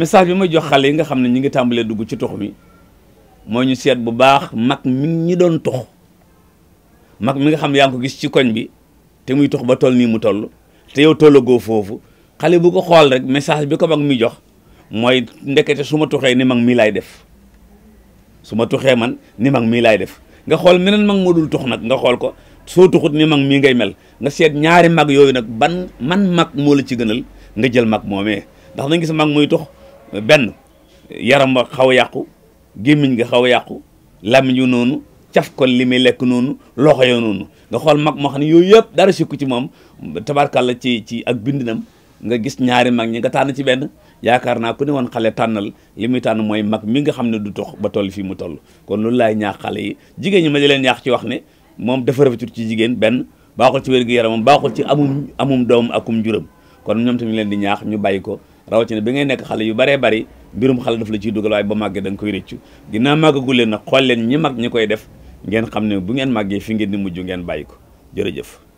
message bi ma jox xale yi nga xam ne ñu ngi tàmbalee dugg ci tux mi moo ñu seet bu baax mag mi ñi doon tux mag mi nga xam ne yaa ngi ko gis ci koñ bi te muy tux ba toll nii mu toll te yow tollagoo foofu xale bu ko xool rek message bi ko mag mi jox mooy ndekete su ma tuxee ni mag mii laay def su ma tuxee man ni mag mii laay def nga xool meneen mag moo dul tux nag nga xool ko soo tuxut ni mag mii ngay mel nga seet ñaari mag yooyu nag ban man mag moo la ci gënal nga jël mag moomee ndax nañ gis mag muy tux benn yaram ba xaw a yàqu gémmiñ nga xaw a yàqu làmmiñ yu noonu caf kon li muy lekk noonu looxo yoo noonu nga xool mag moo xam ne yooyu yëpp dara sikku ci moom tabarkàlla ci ci ak bindinam nga gis ñaari mag ñi nga tànn ci benn yaakaar naa ku ne woon xale tànnal li muy tànn mooy mag mi nga xam ne du tox ba toll fii mu toll kon loolu laay ñaax xale yi jigéen ñi ma di leen ñaax ci wax ne moom dafa rafetul ci jigéen benn baaxul ci wér-gu-yaramam baaxul ci amum amum doom akum njuram kon ñoom tamit leen di ñaax ñu bàyyi ko rawatina bi ngay nekk xale yu baree bari mbirum xale daf la ciy dugal ba màggee danga nga koy rëccu ginnaaw màggagul leen nag xool leen ñi mag ñi koy def ngeen xam ne bu ngeen màggee fi ngeen di mujj ngeen bàyyi ko jërëjëf